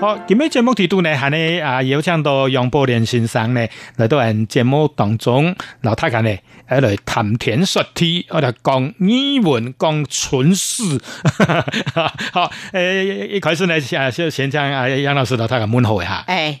好，今日節目題目呢係呢啊邀請到楊寶蓮先生呢來到人節目當中，老太監呢嚟談天說地，我哋講語文，講村史，哈哈好，誒、欸，一開始呢就先請啊，楊老師老太監問候一下。欸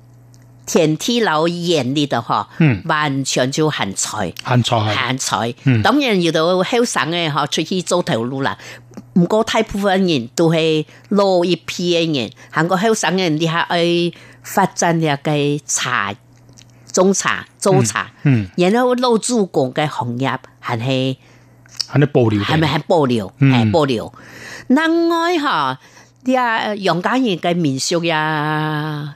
天梯樓嚴啲度嗬，嗯、完全就限財，限財係，限財脆。嗯、當然要到後生嘅，嗬出去做頭路啦。唔過大部分人都係老一批嘅人，行過後生嘅人，你係誒發展嘅茶種茶、做茶，茶嗯嗯、然後老主公嘅行業係係係保留，係咪係保留？係保留。另外吓啲啊楊家人嘅民宿呀。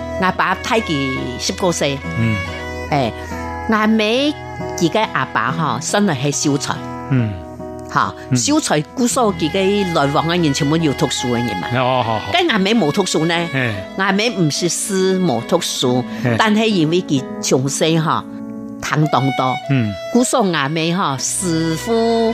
阿爸睇佢識過世，誒，阿美自己阿爸嗬，生嚟係小財，嗯，吓、欸啊、小財姑嫂自己來往嘅人全部要讀書嘅人嘛，哦，好，跟阿美冇讀書呢，阿是美唔識事，冇讀書，但係因為佢長壽吓，坦蕩多，嗯，姑嫂阿美嗬似乎。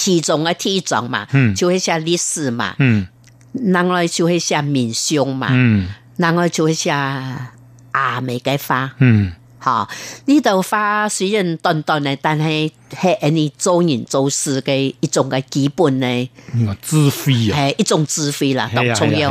其中第一種、嗯、其中嘛，就係寫歷史嘛，然後就係寫名相嘛，然後、嗯嗯、就係寫峨嵋嘅花，吓呢朵花雖然短短的但係、那、係、個、你做人做事嘅一種嘅基本咧，智慧啊，係一種智慧啦，好重要。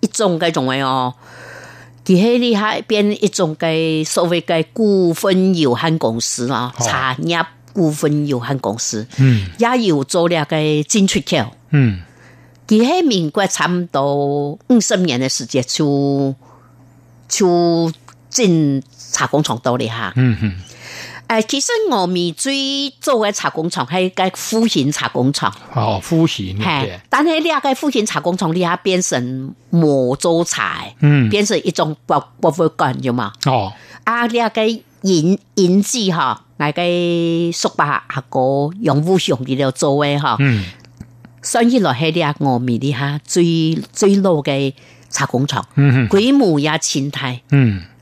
一種該種類哦，佢喺里海變一種該所謂的股份有限公司啊、喔，茶葉股份有限公司，哦、嗯，也有做了個進出口，嗯，佢喺民國差唔多五十年的時間，就就進茶工廠多啲哈，嗯嗯。誒，其實峨眉最早的茶工廠係個富賢茶工廠，哦，富賢，是對但係你阿個富賢茶工廠，你阿變成冇做茶，嗯，變成一種博博物館有啊，哦，啊，你阿個飲飲子，哈，阿個叔伯阿哥楊武雄啲就做嘅哈，嗯，所以嚟係啲阿峨眉啲哈最、嗯、最老的茶工廠，嗯哼嗯，規模也青苔，嗯。